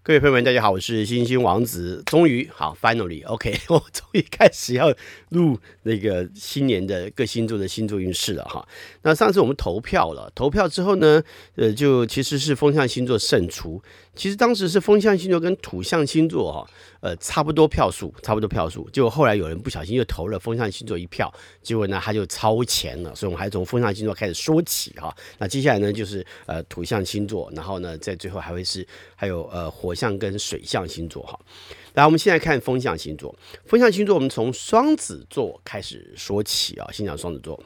各位朋友們，大家好，我是星星王子。終於好，finally OK，我終於開始要錄那個新年的各星座的星座運勢了哈。那上次我們投票了，投票之後呢，呃，就其實是風象星座勝出。其實當時是風象星座跟土象星座哈、哦。呃，差不多票數，差不多票數，結果後來有人不小心就投了風象星座一票，結果呢，他就超前了，所以我們還是從風象星座開始說起哈、哦。那接下來呢就是呃土象星座，然後呢在最後還會是還有呃火象跟水象星座哈、哦。來，我們現在看風象星座，風象星座我們從雙子座開始說起啊，先講雙子座。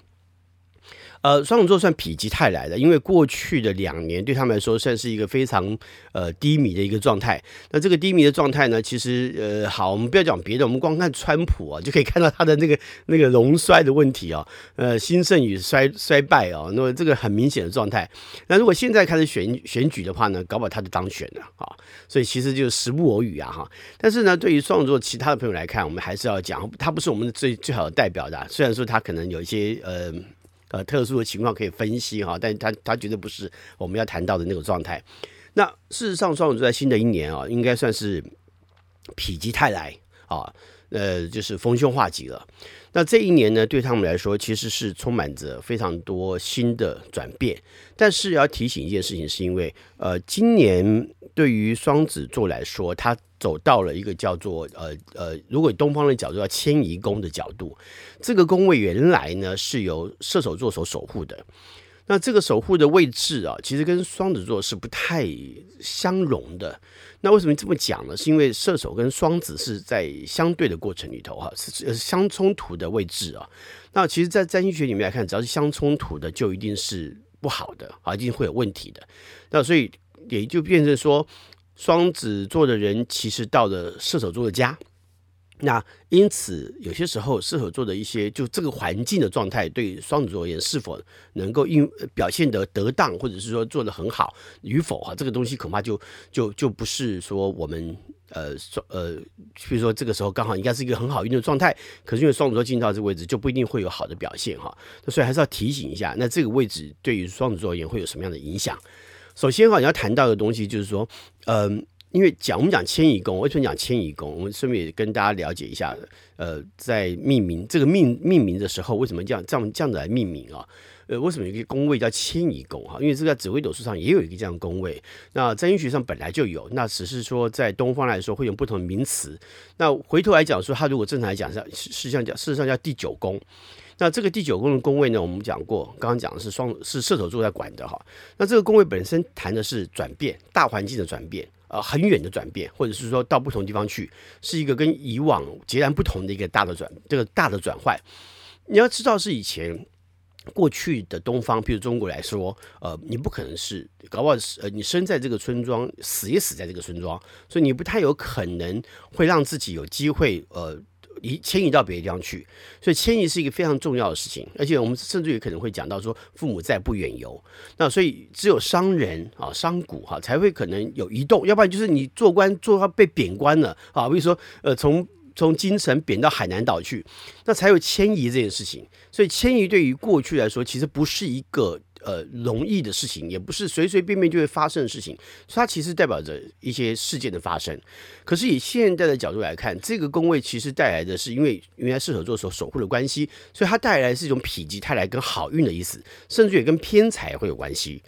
呃，雙子座算否極泰來的，因為過去的兩年對他們來說算是一個非常呃低迷的一個狀態。那這個低迷的狀態呢，其實呃好，我們不要講別的，我們光看川普啊，就可以看到他的那個那個榮衰的問題哦、啊，呃興盛與衰衰敗哦、啊。那麼這個很明顯的狀態。那如果現在開始選選舉的話呢，搞不好他就當選了啊、哦，所以其實就是時不我與啊哈、哦。但是呢，對於雙子座其他的朋友來看，我們還是要講，他不是我們最最好的代表的、啊，雖然說他可能有一些呃。呃，特殊的情況可以分析哈、哦，但是他，它絕對不是我們要談到的那種狀態。那事實上，雙子座在新的一年啊、哦，應該算是否極泰來啊、哦，呃，就是逢凶化吉了。那這一年呢，對他們來說，其實是充滿着非常多新的轉變。但是要提醒一件事情，是因為呃，今年對於雙子座來說，他。走到了一個叫做呃呃，如果東方的角度，要遷移宮的角度，這個宮位原來呢是由射手座所守護的。那這個守護的位置啊，其實跟雙子座是不太相容的。那為什麼這麼講呢？是因為射手跟雙子是在相對的過程裡頭哈、啊，是呃，是相衝突的位置啊。那其實，在占星學裡面來看，只要是相衝突的，就一定是不好的啊，一定會有問題的。那所以也就變成說。雙子座的人其實到了射手座的家，那因此有些時候射手座的一些就這個環境的狀態，對雙子座而言是否能夠應表現得得當，或者是說做得很好與否哈、啊，這個東西恐怕就就就不是說我們呃說呃，比如說這個時候剛好應該是一個很好運的狀態，可是因為雙子座進到這個位置就不一定會有好的表現哈、啊，所以還是要提醒一下，那這個位置對於雙子座而言會有什麼樣的影響？首先哈、啊，你要談到的東西就是說。嗯，因為講我們講遷移宮，為什麼講遷移宮，我們順便也跟大家了解一下，呃，在命名這個命命名的時候，為什麼這樣這樣這樣子來命名啊？呃，為什麼有一個宮位叫遷移宮？哈，因為這個紫微斗數上也有一個這樣宮位，那在易學上本來就有，那只是說在東方來說會用不同的名詞。那回頭來講說，它如果正常來講是是這樣叫事實上叫第九宮。那這個第九宮的宮位呢？我們講過，剛剛講的是雙是射手座在管的哈。那這個宮位本身談的是轉變，大環境的轉變啊、呃，很遠的轉變，或者是說到不同地方去，是一個跟以往截然不同的一個大的轉，這個大的轉換。你要知道，是以前過去的東方，譬如中國來說，呃，你不可能是搞不好呃，你生在這個村莊，死也死在這個村莊，所以你不太有可能會讓自己有機會呃。移遷移到別的地方去，所以遷移是一個非常重要的事情，而且我們甚至也可能會講到說父母在不遠游，那所以只有商人啊、商賈哈、啊、才會可能有移動，要不然就是你做官做到被貶官了啊，比如說呃從從京城貶到海南島去，那才有遷移這件事情，所以遷移對於過去來說其實不是一個。呃，容易的事情也不是隨隨便便就會發生的事情，所以它其實代表着一些事件的發生。可是以現在的角度來看，這個宮位其實帶來的是因為原來射手座所守護的關係，所以它帶來的是一種否極泰來跟好運的意思，甚至也跟偏財會有關係。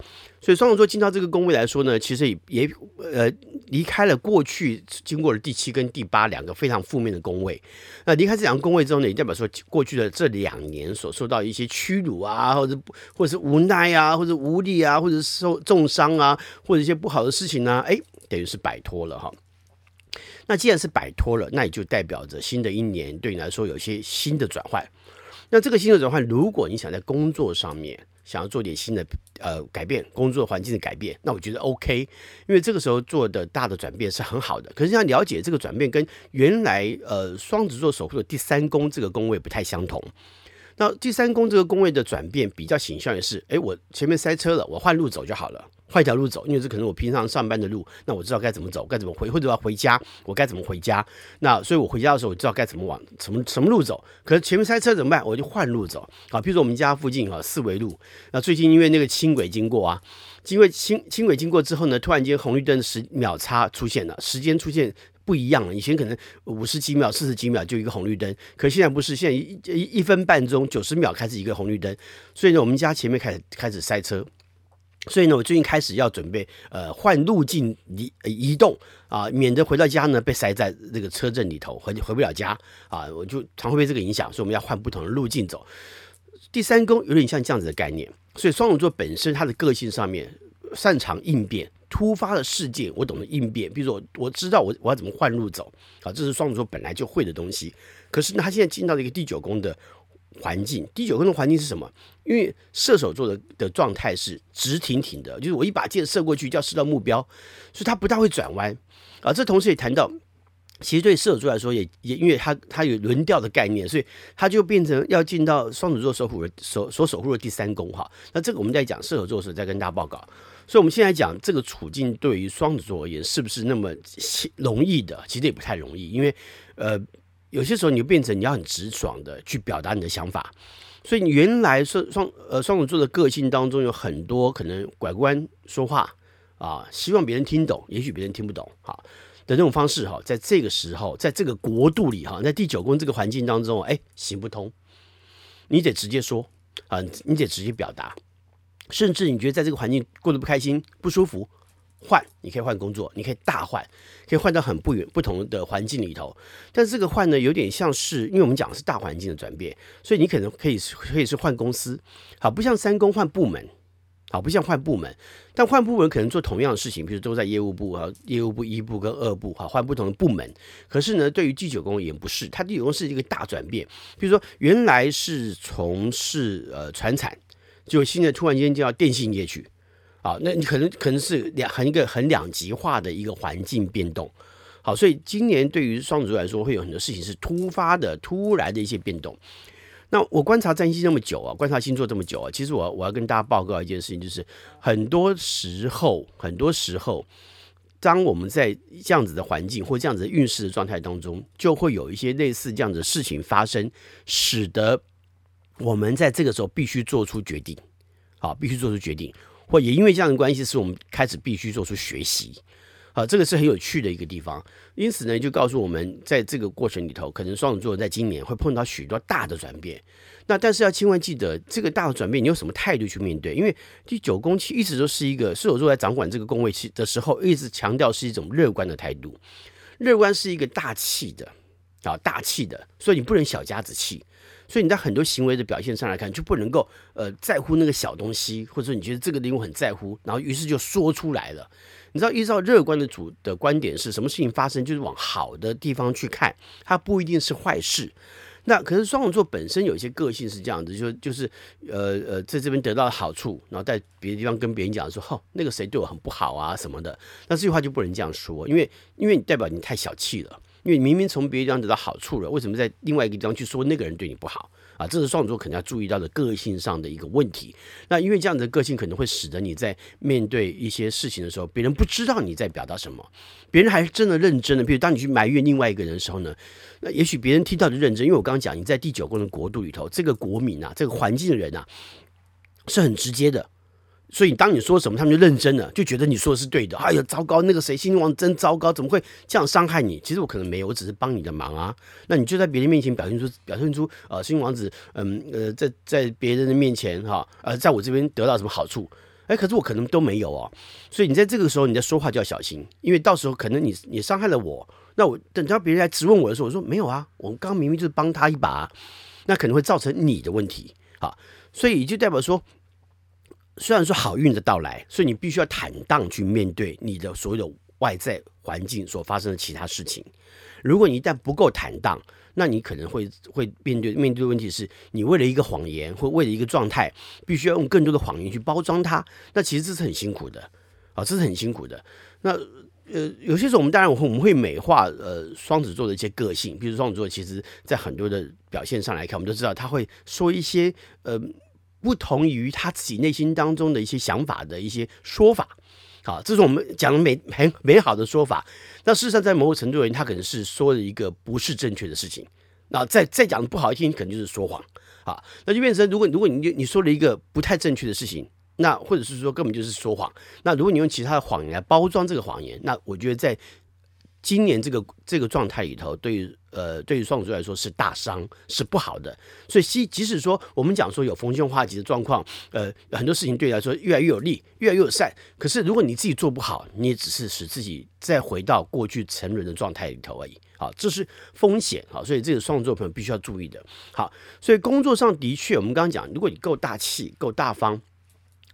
所以雙子座進到這個宮位來說呢，其實也也呃離開了過去經過了第七跟第八兩個非常負面的宮位。那離開這兩個宮位之後呢，也代表說，過去的這兩年所受到一些屈辱啊，或者或者是無奈啊，或者無力啊，或者受重傷啊，或者一些不好的事情呢，啊，誒，等於是擺脫了哈。那既然是擺脫了，那也就代表着新的一年對你來說有一些新的轉換。那這個新的轉換，如果你想在工作上面。想要做點新的呃改變，工作環境的改變，那我覺得 OK，因為這個時候做的大的轉變是很好的。可是要了解這個轉變跟原來呃雙子座守護的第三宮這個宮位不太相同。那第三宮這個宮位的轉變比較形象的是，誒。我前面塞車了，我換路走就好了，換一條路走，因為這可能我平常上班的路，那我知道該怎麼走，該怎麼回，或者要回家，我該怎麼回家？那所以，我回家的時候，我知道該怎麼往什麼什麼路走。可是前面塞車怎麼辦？我就換路走。好，比如說我們家附近啊，四維路，那最近因為那個輕軌經過啊，因為輕軌輕軌經過之後呢，突然間紅綠燈的十秒差出現了，時間出現。不一樣了，以前可能五十幾秒、四十幾秒就一個紅綠燈，可現在不是，現在一一一分半鐘、九十秒開始一個紅綠燈，所以呢，我們家前面開開始塞車，所以呢，我最近開始要準備呃換路徑移移動啊，免得回到家呢被塞在這個車陣裡頭，回回不了家啊，我就常會被這個影響，所以我們要換不同的路徑走。第三宮有點像這樣子的概念，所以雙子座本身它的個性上面擅長應變。突發的事件，我懂得應變。比如說，我知道我我要怎麼換路走，啊？這是雙子座本來就會的東西。可是呢，他現在進到了一個第九宮的環境。第九宮的環境是什麼？因為射手座的的狀態是直挺挺的，就是我一把箭射過去，要射到目標，所以他不大會轉彎。啊，這同時也談到，其實對射手座來說也，也也因為他他有輪調的概念，所以他就變成要進到雙子座所守護守所，所守護的第三宮哈，啊。那這個我們在講射手座的時候再跟大家報告。所以我們現在講這個處境對於雙子座而言是不是那麼容易的？其實也不太容易，因為，呃，有些時候你就變成你要很直爽的去表達你的想法。所以原來說雙雙呃雙子座的個性當中有很多可能拐彎說話啊，希望別人聽懂，也許別人聽不懂哈的那種方式哈，在這個時候，在這個國度裡哈，在第九宮這個環境當中，哎，行不通，你得直接說啊，你得直接表達。甚至你覺得在這個環境過得不開心、不舒服，換你可以換工作，你可以大換，可以換到很不遠不同的環境裡頭。但是這個換呢，有點像是，因為我們講的是大環境的轉變，所以你可能可以是可以是換公司，好，不像三公換部門，好，不像換部門。但換部門可能做同樣的事情，比如都在業務部啊，業務部一部跟二部哈，換不同的部門。可是呢，對於第九宮也不是，它第九宮是一個大轉變，比如說原來是從事呃傳產。就現在突然間就要電信業去，啊，那你可能可能是兩很一個很兩極化的一個環境變動，好，所以今年對於雙子座來說會有很多事情是突發的、突然的一些變動。那我觀察占星這麼久啊，觀察星座這麼久啊，其實我我要跟大家報告一件事情，就是很多時候，很多時候，當我們在這樣子的環境或這樣子的運勢的狀態當中，就會有一些類似這樣子的事情發生，使得。我們在這個時候必須做出決定，好、啊，必須做出決定，或也因為這樣的關係，是我們開始必須做出學習，好、啊，這個是很有趣的一個地方。因此呢，就告訴我們，在這個過程裡頭，可能雙子座在今年會碰到許多大的轉變。那但是要千萬記得，這個大的轉變，你用什麼態度去面對？因為第九宮其實一直都是一個射手座在掌管這個宮位的時候，一直強調是一種樂觀的態度。樂觀是一個大氣的，啊，大氣的，所以你不能小家子氣。所以你在很多行為的表現上來看，就不能夠呃在乎那個小東西，或者說你覺得這個東西很在乎，然後於是就說出來了。你知道，依照樂觀的主的觀點是，是什麼事情發生就是往好的地方去看，它不一定是壞事。那可是雙子座本身有一些個性是這樣子，就就是呃呃，在這邊得到好處，然後在別的地方跟別人講說，哦，那個誰對我很不好啊什麼的。那這句話就不能這樣說，因為因為你代表你太小氣了。因為你明明從別的地方得到好處了，為什麼在另外一個地方去說那個人對你不好啊？這是雙子座可能要注意到的個性上的一個問題。那因為這樣的個性可能會使得你在面對一些事情的時候，別人不知道你在表達什麼，別人還是真的認真的。比如當你去埋怨另外一個人的時候呢，那也許別人聽到的認真，因為我剛剛講你在第九宮的國度裡頭，這個國民啊，這個環境的人啊，是很直接的。所以，當你說什麼，他們就認真了，就覺得你說的是對的。哎呦，糟糕，那個誰，新王真糟糕，怎麼會這樣傷害你？其實我可能沒有，我只是幫你的忙啊。那你就在別人面前表現出表現出呃，新王子，嗯，呃，在在別人的面前哈、哦，呃，在我這邊得到什麼好處？哎，可是我可能都沒有哦。所以你在這個時候，你在說話就要小心，因為到時候可能你你傷害了我，那我等到別人來質問我的時候，我說沒有啊，我剛剛明明就是幫他一把，那可能會造成你的問題啊、哦。所以就代表說。雖然說好運的到來，所以你必須要坦蕩去面對你的所有的外在環境所發生的其他事情。如果你一旦不夠坦蕩，那你可能會會面對面對的問題是你為了一個謊言，或為了一個狀態，必須要用更多的謊言去包裝它。那其實這是很辛苦的啊，呃，這是很辛苦的。那呃，有些時候我們當然我們會美化呃雙子座的一些個性，比如雙子座其實在很多的表現上來看，我們都知道他會說一些呃。不同於他自己內心當中的一些想法的一些說法，好，這是我們講的美很美，美好的說法。那事實上，在某種程度而言，他可能是說了一個不是正確的事情。那再再講的不好聽，可能就是說謊。啊，那就變成如果如果你你說了一個不太正確的事情，那或者是說根本就是說謊。那如果你用其他的謊言來包裝這個謊言，那我覺得在。今年這個這個狀態裡頭對於，對呃，對於雙子座來說是大傷，是不好的。所以，即即使說我們講說有逢凶化吉的狀況，呃，很多事情對你來說越來越有利，越來越有善。可是，如果你自己做不好，你也只是使自己再回到過去沉淪的狀態裡頭而已。好，這是風險。好，所以這個雙子座朋友必須要注意的。好，所以工作上的確，我們剛剛講，如果你夠大氣、夠大方，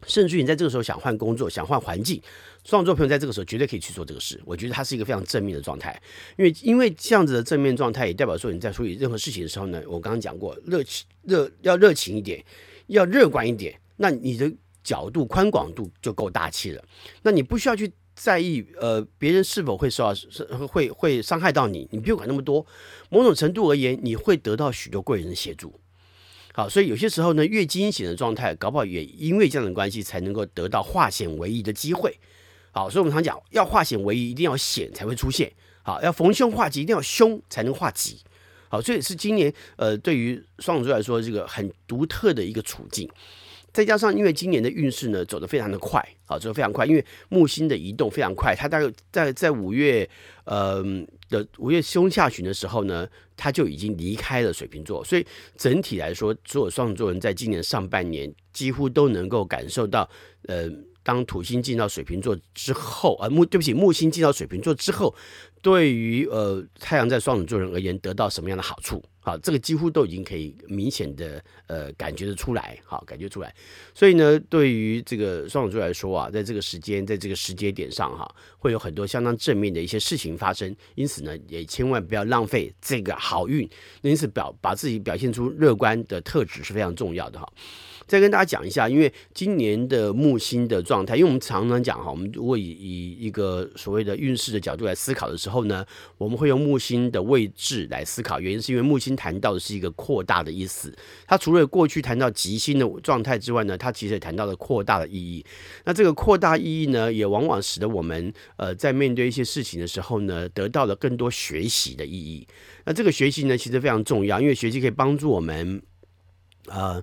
甚至於你在這個時候想換工作、想換環境。雙子座朋友在這個時候絕對可以去做這個事，我覺得它是一個非常正面的狀態，因為因為這樣子的正面狀態也代表說你在處理任何事情的時候呢，我剛剛講過，熱情熱要熱情一點，要樂觀一點，那你的角度寬廣度就夠大氣了，那你不需要去在意呃別人是否會受到會會傷害到你，你不用管那麼多，某種程度而言，你會得到許多貴人的協助，好，所以有些時候呢，越驚險的狀態，搞不好也因為這樣的關係才能夠得到化險為夷的機會。好，所以我們常講，要化險為夷，一,一定要險才會出現。好，要逢凶化吉，一定要凶才能化吉。好，所以是今年呃，對於雙子座來說，這個很獨特的一個處境。再加上，因為今年的運勢呢，走得非常的快，好，走得非常快，因為木星的移動非常快，它大概在大概在五月，呃的五月中下旬的時候呢，它就已經離開了水瓶座。所以整體來說，所有雙子座人在今年上半年，幾乎都能夠感受到，呃。當土星進到水瓶座之後，啊，木，對不起，木星進到水瓶座之後，對於，呃，太陽在雙子座人而言，得到什麼樣的好處？好，這個幾乎都已經可以明顯的呃感覺得出來，好感覺出來。所以呢，對於這個雙子座來說啊，在這個時間，在這個時間節點上哈、啊，會有很多相當正面的一些事情發生。因此呢，也千萬不要浪費這個好運。那因此表把自己表現出樂觀的特質是非常重要的哈。再跟大家講一下，因為今年的木星的狀態，因為我們常常講哈、啊，我們如果以以一個所謂的運勢的角度來思考的時候呢，我們會用木星的位置來思考，原因是因為木星的位置。談到的是一個擴大的意思，它除了過去談到吉星的狀態之外呢，它其實也談到了擴大的意義。那這個擴大意義呢，也往往使得我們呃在面對一些事情的時候呢，得到了更多學習的意義。那這個學習呢，其實非常重要，因為學習可以幫助我們，呃。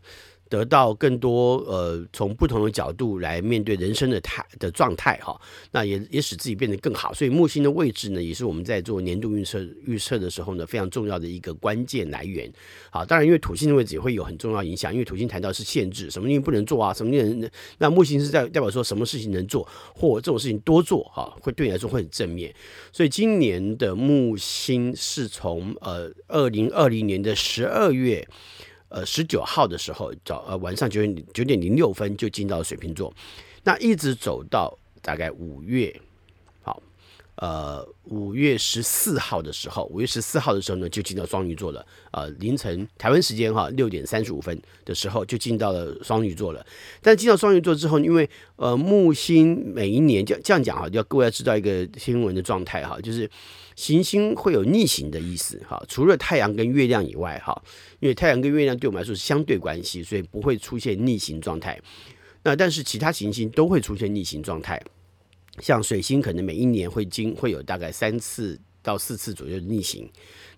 得到更多呃、從不同的角度來面對人生的態的狀態哈、哦，那也也使自己變得更好。所以木星的位置呢，也是我們在做年度預測預測的時候呢，非常重要的一個關鍵來源。好，當然因為土星的位置也會有很重要影響，因為土星談到的是限制，什麼東西不能做啊，什麼能，那木星是在代、代表說什麼事情能做或這種事情多做哈、哦，會對你來說會很正面。所以今年的木星是從呃二零二零年的十二月。呃，十九號的時候早呃，晚上九點九點零六分就進到水瓶座，那一直走到大概五月。呃，五月十四號的時候，五月十四號的時候呢，就進到雙魚座了。呃，凌晨台灣時間哈，六點三十五分的時候，就進到了雙魚座了。但進到雙魚座之後，因為呃木星每一年這這樣講哈，要各位要知道一個天文的狀態哈，就是行星會有逆行的意思哈。除了太陽跟月亮以外哈，因為太陽跟月亮對我們來說是相對關係，所以不會出現逆行狀態。那但是其他行星都會出現逆行狀態。像水星可能每一年會經會有大概三次到四次左右的逆行，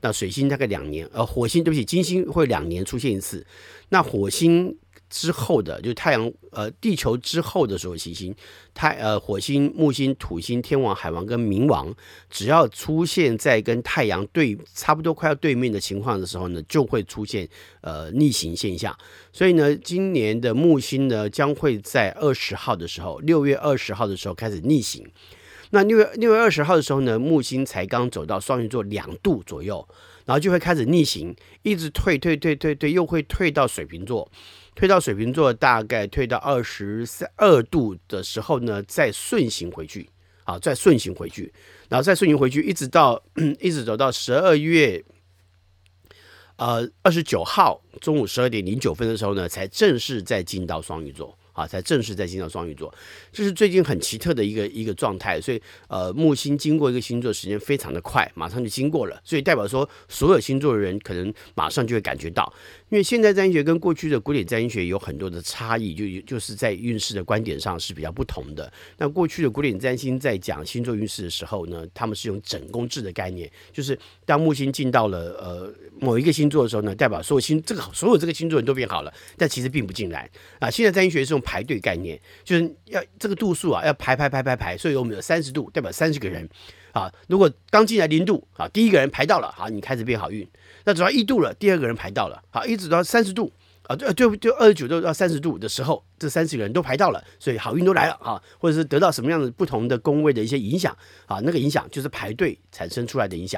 那水星大概兩年，呃，火星對不起，金星會兩年出現一次，那火星。之後的就太陽呃地球之後的時候行星，太呃火星木星土星天王海王跟冥王，只要出現在跟太陽對差不多快要對面的情況的時候呢，就會出現呃逆行現象。所以呢，今年的木星呢將會在二十號的時候，六月二十號的時候開始逆行。那六月六月二十號的時候呢，木星才剛走到雙魚座兩度左右，然後就會開始逆行，一直退退退退退，又會退到水瓶座。退到水瓶座，大概退到二十二度的時候呢，再順行回去，啊，再順行回去，然後再順行回去，一直到一直走到十二月，呃，二十九號中午十二點零九分的時候呢，才正式再進到雙魚座。啊，才正式在進到雙魚座，這，就是最近很奇特的一個一個狀態。所以，呃，木星經過一個星座時間非常的快，馬上就經過了。所以代表說，所有星座的人可能馬上就會感覺到，因為現代占星學跟過去的古典占星學有很多的差異，就就是在運勢的觀點上是比較不同的。那過去的古典占星在講星座運勢的時候呢，他們是用整宮制的概念，就是當木星進到了呃某一個星座的時候呢，代表所有星這個所有這個星座人都變好了，但其實並不盡然啊。現在占星學是用。排隊概念就是要這個度數啊，要排排排排排，所以我們有三十度代表三十個人啊。如果剛進來零度啊，第一個人排到了，好、啊，你開始變好運。那只要一度了，第二個人排到了，好、啊，一直到三十度啊，就就就二十九度到三十度的時候，這三十個人都排到了，所以好運都來了啊，或者是得到什麼樣的不同的宮位的一些影響啊，那個影響就是排隊產生出來的影響。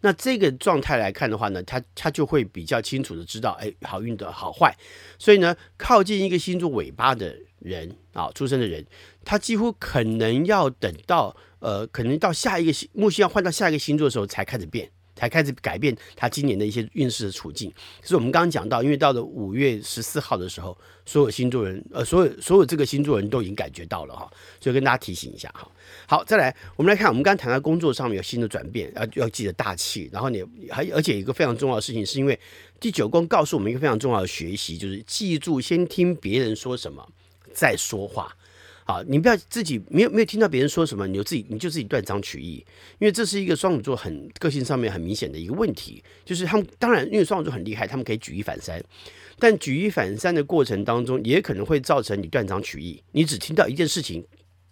那這個狀態來看的話呢，他他就會比較清楚的知道，哎，好運的好壞。所以呢，靠近一個星座尾巴的人啊、哦，出生的人，他幾乎可能要等到，呃，可能到下一個星，木星要換到下一個星座的時候，才開始變。才開始改變他今年的一些運勢的處境，是我們剛剛講到，因為到了五月十四號的時候，所有星座人，呃，所有所有這個星座人都已經感覺到了哈，所以跟大家提醒一下哈。好，再來，我們來看，我們剛剛談到工作上面有新的轉變，要要記得大氣，然後你還而且一個非常重要的事情，是因為第九宮告訴我們一個非常重要的學習，就是記住先聽別人說什麼，再說話。啊，你不要自己沒有沒有聽到別人說什麼，你就自己，你就自己斷章取義，因為這是一個雙子座很個性上面很明顯的一個問題，就是他們當然因為雙子座很厲害，他們可以舉一反三，但舉一反三的過程當中也可能會造成你斷章取義，你只聽到一件事情。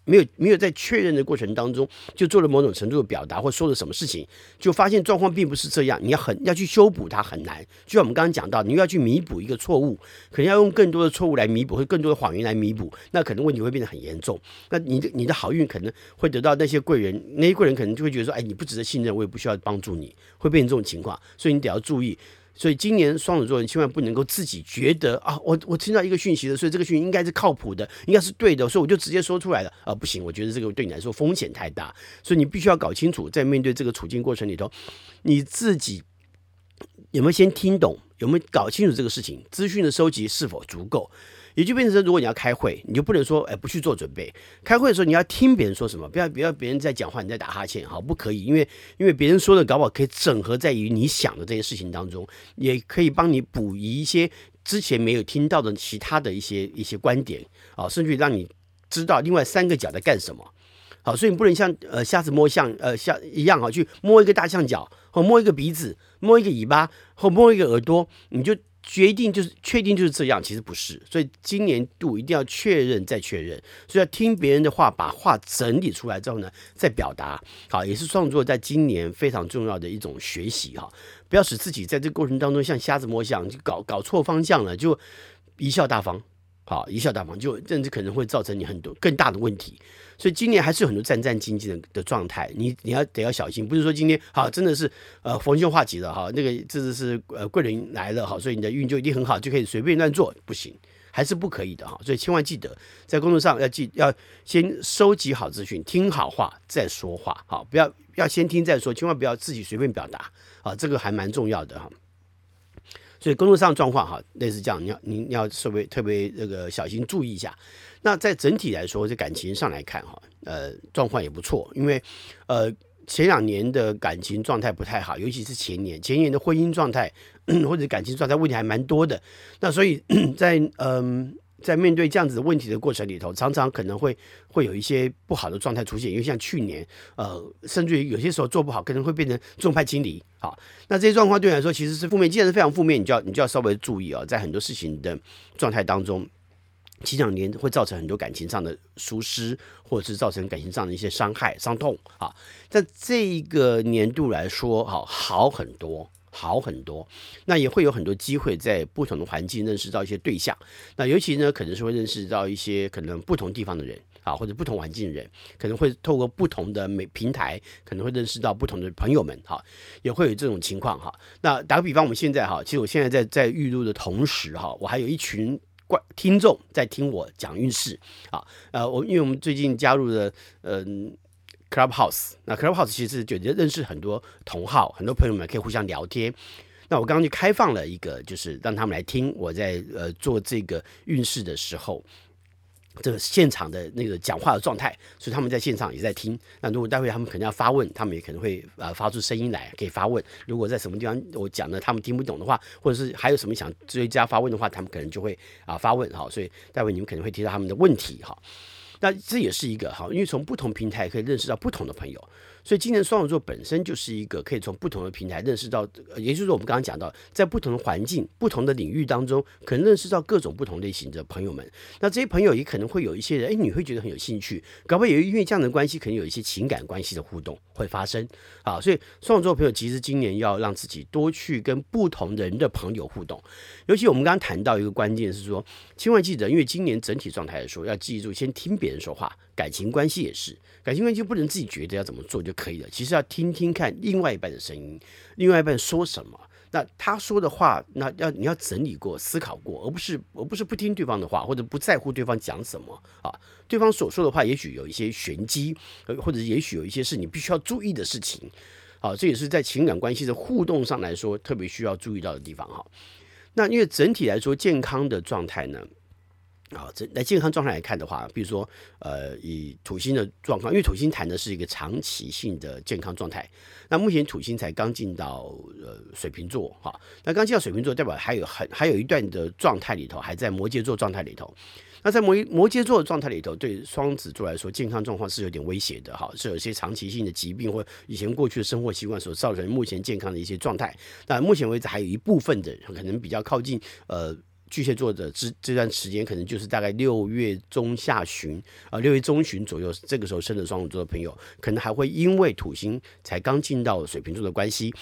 沒有，沒有在確認的過程當中，就做了某種程度的表達或說了什麼事情，就發現狀況並不是這樣，你要很、要去修補它很難。就像我們剛剛講到，你要去彌補一個錯誤，可能要用更多的錯誤來彌補，或更多的謊言來彌補，那可能問題會變得很嚴重。那你的、你的好運可能會得到那些貴人，那些貴人可能就會覺得說，哎，你不值得信任，我也不需要幫助你，會變成這種情況。所以你得要注意。所以今年雙子座你千萬不能夠自己覺得啊，我我聽到一個訊息的，所以這個訊息應該是靠譜的，應該是對的，所以我就直接說出來了啊，不行，我覺得這個對你來說風險太大，所以你必須要搞清楚，在面對這個處境過程裡頭，你自己有沒有先聽懂，有沒有搞清楚這個事情，資訊的收集是否足夠。也就變成，如果你要開會，你就不能說，哎，不去做準備。開會的時候，你要聽別人說什麼，不要不要，別人在講話，你在打哈欠，好，不可以，因為因為別人說的搞不好可以整合在於你想的這些事情當中，也可以幫你補一些之前沒有聽到的其他的一些一些觀點，好，甚至讓你知道另外三個角在幹什麼，好，所以你不能像呃瞎子摸象，呃像一樣，好去摸一個大象腳，或摸一個鼻子，摸一個尾巴，或摸一個耳朵，你就。決定就是確定就是這樣，其實不是，所以今年度一定要確認再確認，所以要聽別人的話，把話整理出來之後呢，再表達。好，也是創作在今年非常重要的一種學習哈，不要使自己在這個過程當中像瞎子摸象，就搞搞錯方向了，就貽笑大方。好，貽笑大方，就甚至可能會造成你很多更大的問題。所以今年還是有很多戰戰兢兢的、的狀態，你你要得要小心。不是說今天好，真的是呃逢凶化吉了哈，那個這次是呃貴人來了哈，所以你的運就一定很好，就可以隨便亂做，不行，還是不可以的哈。所以千萬記得，在工作上要記，要先收集好資訊，聽好話再說話，好，不要要先聽再說，千萬不要自己隨便表達，好，這個還蠻重要的哈。所以工作上狀況哈，類似這樣，你要您要稍微特別這個小心注意一下。那在整體來說，在感情上來看哈，呃，狀況也不錯。因為呃，前兩年的感情狀態不太好，尤其是前年，前年的婚姻狀態或者感情狀態問題還蠻多的。那所以在嗯。呃在面對這樣子的問題的過程裡頭，常常可能會會有一些不好的狀態出現，因為像去年，呃，甚至於有些時候做不好，可能會變成眾叛親離啊。那這些狀況對你來說其實是負面，既然是非常負面，你就要你就要稍微注意啊，哦，在很多事情的狀態當中，前兩年會造成很多感情上的疏失，或者是造成感情上的一些傷害、傷痛啊。在這一個年度來說，好好很多。好很多，那也會有很多機會在不同的環境認識到一些對象，那尤其呢，可能是會認識到一些可能不同地方的人啊，或者不同環境的人，可能會透過不同的媒平台，可能會認識到不同的朋友們，哈、啊，也會有這種情況哈、啊。那打個比方，我們現在哈、啊，其實我現在在在預錄的同時哈、啊，我還有一群觀聽眾在聽我講運勢啊，呃，我因為我們最近加入了嗯。呃 Clubhouse，那 Clubhouse 其實覺得認識很多同好，很多朋友們可以互相聊天。那我剛剛就開放了一個，就是讓他們來聽我在呃做這個運勢的時候，這個現場的那個講話的狀態，所以他們在現場也在聽。那如果待會他們可能要發問，他們也可能會呃發出聲音來可以發問。如果在什麼地方我講的他們聽不懂的話，或者是還有什麼想追加發問的話，他們可能就會啊、呃、發問哈。所以待會你們可能會提到他們的問題哈。好那這也是一個哈，因為從不同平台可以認識到不同的朋友。所以今年雙子座本身就是一個可以從不同的平台認識到，也就是說我們剛剛講到，在不同的環境、不同的領域當中，可能認識到各種不同類型的朋友們。那這些朋友也可能會有一些人，哎，你會覺得很有興趣，搞不好也因為這樣的關係，可能有一些情感關係的互動會發生。好啊，所以雙子座朋友其實今年要讓自己多去跟不同人的朋友互動，尤其我們剛剛談到一個關鍵是說，千萬記得，因為今年整體狀態來說，要記住先聽別人說話。感情關係也是，感情關係不能自己覺得要怎麼做就可以了，其實要聽聽看另外一半的聲音，另外一半說什麼，那他說的話，那要你要整理過、思考過，而不是而不是不聽對方的話，或者不在乎對方講什麼啊，對方所說的話也許有一些玄機，或者也許有一些是你必須要注意的事情，好、啊，這也是在情感關係的互動上來說特別需要注意到的地方哈、啊。那因為整體來說，健康的狀態呢？啊、哦，這在健康狀態來看的話，比如說，呃，以土星的狀況，因為土星談的是一個長期性的健康狀態。那目前土星才剛進到呃水瓶座，哈、哦，那剛進到水瓶座，代表還有很還有一段的狀態裡頭，還在摩羯座狀態裡頭。那在摩摩羯座的狀態裡頭，對雙子座來說，健康狀況是有點威脅的，哈、哦，是有些長期性的疾病或以前過去的生活習慣所造成目前健康的一些狀態。那目前為止，還有一部分的可能比較靠近呃。巨蟹座的這這段時間，可能就是大概六月中下旬啊，呃、六月中旬左右，這個時候，生的雙子座的朋友，可能還會因為土星才剛進到水瓶座的關係，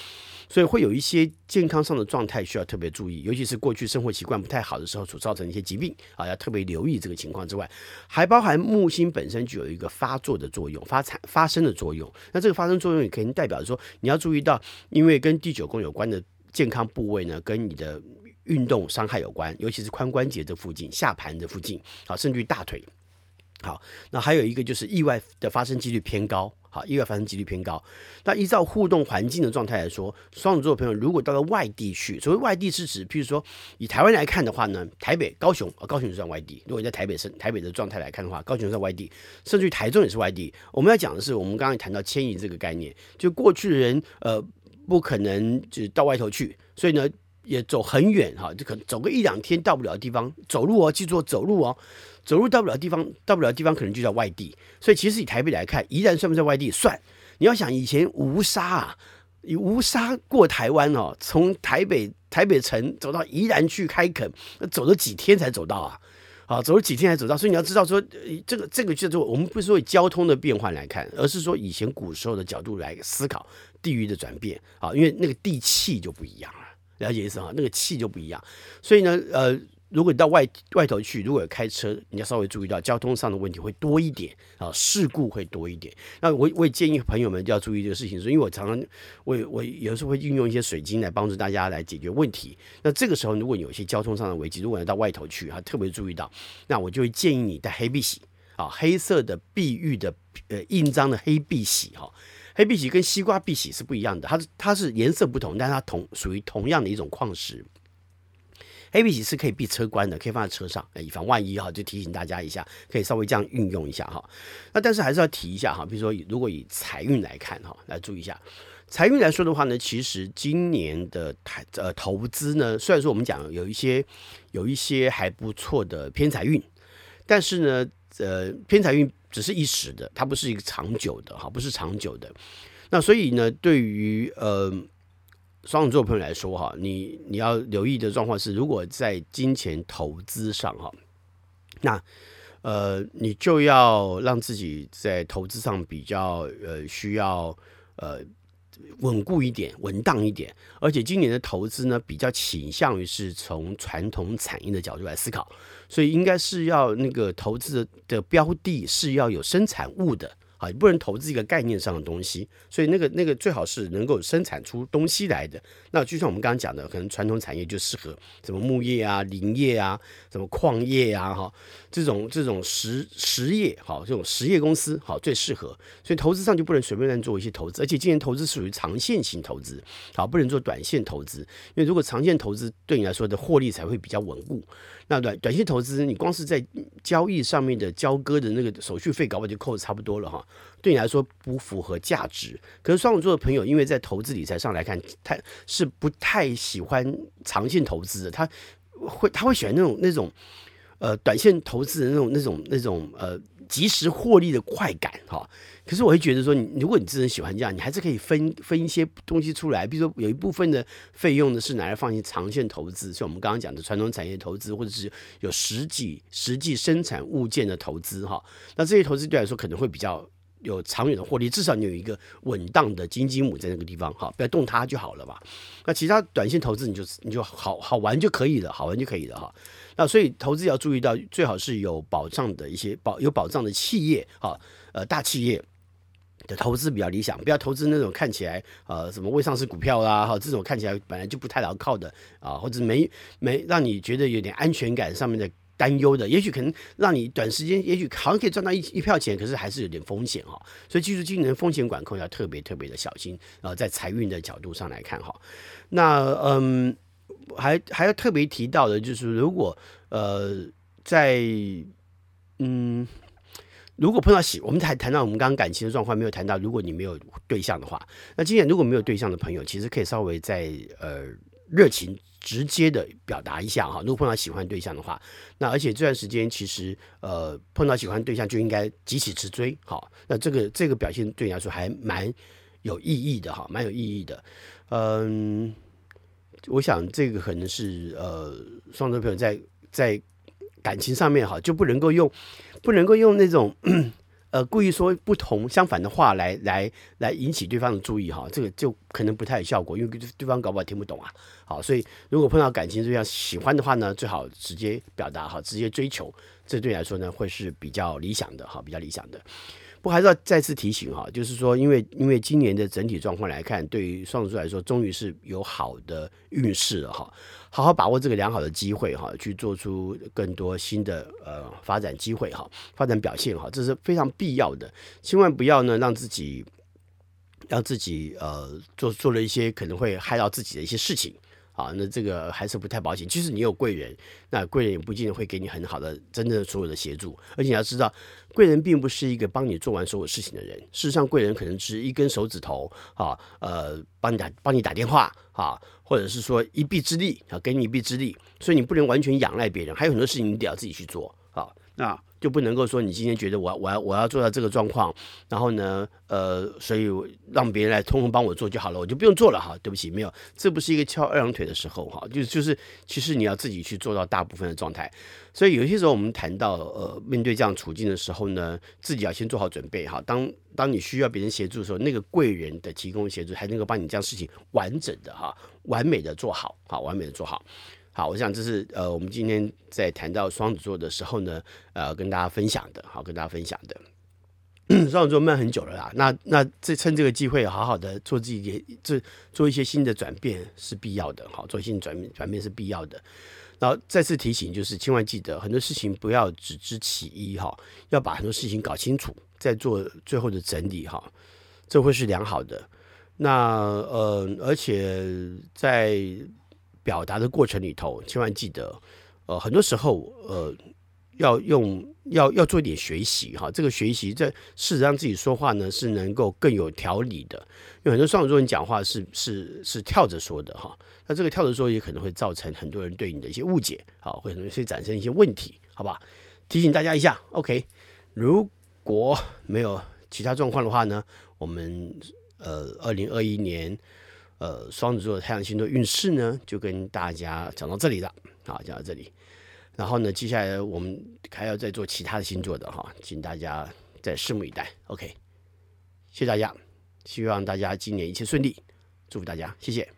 所以會有一些健康上的狀態需要特別注意，尤其是過去生活習慣不太好的時候所造成的一些疾病啊、呃，要特別留意這個情況之外，還包含木星本身具有一個發作的作用、發產發生的作用。那這個發生作用，也可以代表說你要注意到，因為跟第九宮有關的健康部位呢，跟你的。運動傷害有關，尤其是髖關節這附近，下盤的附近，好，甚至於大腿。好，那還有一個就是意外的發生幾率偏高，好，意外發生幾率偏高。那依照互動環境的狀態來說，雙子座的朋友如果到了外地去，所謂外地是指，譬如說以台灣來看的話呢，台北、高雄，啊，高雄就算外地。如果你在台北生，台北的狀態來看的話，高雄算外地，甚至於台中也是外地。我們要講的是，我們剛剛談到遷移這個概念，就過去的人，呃，不可能就到外頭去，所以呢。也走很遠哈，就可能走個一兩天到不了的地方。走路哦，記住走路哦，走路到不了地方，到不了地方可能就叫外地。所以其實以台北來看，宜蘭算不算外地？算。你要想以前吳沙啊，以吳沙過台灣哦，啊，從台北台北城走到宜蘭去開墾，走了幾天才走到啊？啊，走了幾天才走到。所以你要知道說，這個這個叫做我們不是說以交通的變換來看，而是說以前古時候的角度來思考地域的轉變啊，因為那個地氣就不一樣了。了解一下，哈，那個氣就不一樣。所以呢，呃，如果你到外外頭去，如果有開車，你要稍微注意到交通上的問題會多一點啊，事故會多一點。那我我也建議朋友們要注意這個事情，因為我常常我我有時候會運用一些水晶來幫助大家來解決問題。那這個時候，如果你有一些交通上的危機，如果要到外頭去啊，特別注意到，那我就會建議你戴黑碧璽啊，黑色的碧玉的呃印章的黑碧璽哈。啊黑碧璽跟西瓜碧璽是不一樣的，它是它是顏色不同，但它同屬於同樣的一種礦石。黑碧璽是可以避車關的，可以放在車上，以防萬一哈。就提醒大家一下，可以稍微這樣運用一下哈。那但是還是要提一下哈，比如說如果以財運來看哈，來注意一下財運來說的話呢，其實今年的投呃投資呢，雖然說我們講有一些有一些還不錯的偏財運，但是呢。呃，偏財運只是一時的，它不是一個長久的哈，不是長久的。那所以呢，對於呃雙子座的朋友來說哈，你你要留意的狀況是，如果在金錢投資上哈，那呃你就要讓自己在投資上比較呃需要呃，穩固一點，穩當一點，而且今年的投資呢，比較傾向於是從傳統產業的角度來思考，所以應該是要那個投資的標的是要有生產物的，啊，不能投資一個概念上的東西，所以那個那個最好是能夠生產出東西來的。那就像我們剛剛講的，可能傳統產業就適合什麼木業啊、林業啊、什麼礦業啊。哈。這種這種實實業好，這種實業公司好最適合，所以投資上就不能隨便亂做一些投資，而且今年投資屬於長線型投資，好，不能做短線投資，因為如果長線投資對你來說的獲利才會比較穩固。那短短線投資，你光是在交易上面的交割的那個手續費搞不好就扣的差不多了哈，對你來說不符合價值。可是雙子座的朋友，因為在投資理財上來看，他是不太喜歡長線投資的，他會他會喜歡那種那種。那種呃，短線投資的那種、那種、那種，呃，及時獲利的快感哈、哦。可是，我會覺得說你，你如果你真的喜歡這樣，你還是可以分分一些東西出來，比如說有一部分的費用呢，是拿來放進長線投資，像我們剛剛講的傳統產業投資，或者是有實際實際生產物件的投資哈、哦。那這些投資對來說可能會比較有長遠的獲利，至少你有一個穩當的金雞母在那個地方哈，不、哦、要動它就好了吧？那其他短線投資，你就你就好好玩就可以了，好玩就可以了哈。哦那、啊、所以投資要注意到，最好是有保障的一些保有保障的企業，哈、啊，呃，大企業的投資比較理想，不要投資那種看起來，呃、啊，什麼未上市股票啦、啊，哈、啊，這種看起來本來就不太牢靠的，啊，或者沒沒讓你覺得有點安全感上面的擔憂的，也許可能讓你短時間也許好像可以賺到一一票錢，可是還是有點風險哈、啊。所以技術技能風險管控要特別特別的小心。然、啊、後在財運的角度上來看哈、啊，那嗯。還還要特別提到的就是，如果呃，在嗯，如果碰到喜，我們才談，談到我們剛剛感情的狀況，沒有談到如果你沒有對象的話，那今天如果沒有對象的朋友，其實可以稍微再呃熱情直接的表達一下哈。如果碰到喜歡對象的話，那而且這段時間其實呃碰到喜歡對象就應該急起直追哈。那這個這個表現對你來說還蠻有意義的哈，蠻有意義的，嗯。我想這個可能是呃，雙子朋友在在感情上面哈，就不能夠用不能夠用那種呃故意說不同相反的話來來來引起對方的注意哈，這個就可能不太有效果，因為對方搞不好聽不懂啊。好，所以如果碰到感情就要喜歡的話呢，最好直接表達哈，直接追求，這對你來說呢會是比較理想的哈，比較理想的。我還是要再次提醒哈，就是說，因為因為今年的整體狀況來看，對於雙子座來說，終於是有好的運勢了哈。好好把握這個良好的機會哈，去做出更多新的呃發展機會哈，發展表現哈，這是非常必要的。千萬不要呢讓自己讓自己呃做做了一些可能會害到自己的一些事情。啊，那這個還是不太保險。即使你有貴人，那貴人也不一定會給你很好的、真正的所有的協助。而且你要知道，貴人並不是一個幫你做完所有事情的人。事實上，貴人可能只是一根手指頭，啊，呃，幫你打幫你打電話，啊，或者是說一臂之力，啊，給你一臂之力。所以你不能完全仰賴別人，還有很多事情你得要自己去做。好，啊，那。就不能夠說你今天覺得我我要我要做到這個狀況，然後呢，呃，所以讓別人來通通幫我做就好了，我就不用做了哈。對不起，沒有，這不是一個翹二郎腿的時候哈。就就是，其實你要自己去做到大部分的狀態。所以有些時候我們談到呃，面對這樣處境的時候呢，自己要先做好準備哈。當當你需要別人協助的時候，那個貴人的提供協助還能夠幫你將事情完整的哈、完美的做好，哈完美的做好。好，我想這是呃，我們今天在談到雙子座的時候呢，呃，跟大家分享的好，跟大家分享的 雙子座悶很久了啦。那那這趁這個機會，好好的做自己，這做一些新的轉變是必要的。好，做一些轉轉變是必要的。然後再次提醒，就是千萬記得很多事情不要只知其一哈、哦，要把很多事情搞清楚，再做最後的整理哈、哦，這會是良好的。那呃，而且在。表達的過程裡頭，千萬記得，呃，很多時候，呃，要用要要做一點學習哈。這個學習在是讓自己說話呢，是能夠更有條理的。因為很多雙子座，你講話是是是跳着說的哈，那這個跳着說也可能會造成很多人對你的一些誤解，好，會很容易產生一些問題，好吧？提醒大家一下，OK。如果沒有其他狀況的話呢，我們呃，二零二一年。呃，雙子座的太陽星座運勢呢，就跟大家講到這裡了，好，講到這裡。然後呢，接下來我們還要再做其他的星座的哈，請大家再拭目以待。OK，謝謝大家，希望大家今年一切順利，祝福大家，謝謝。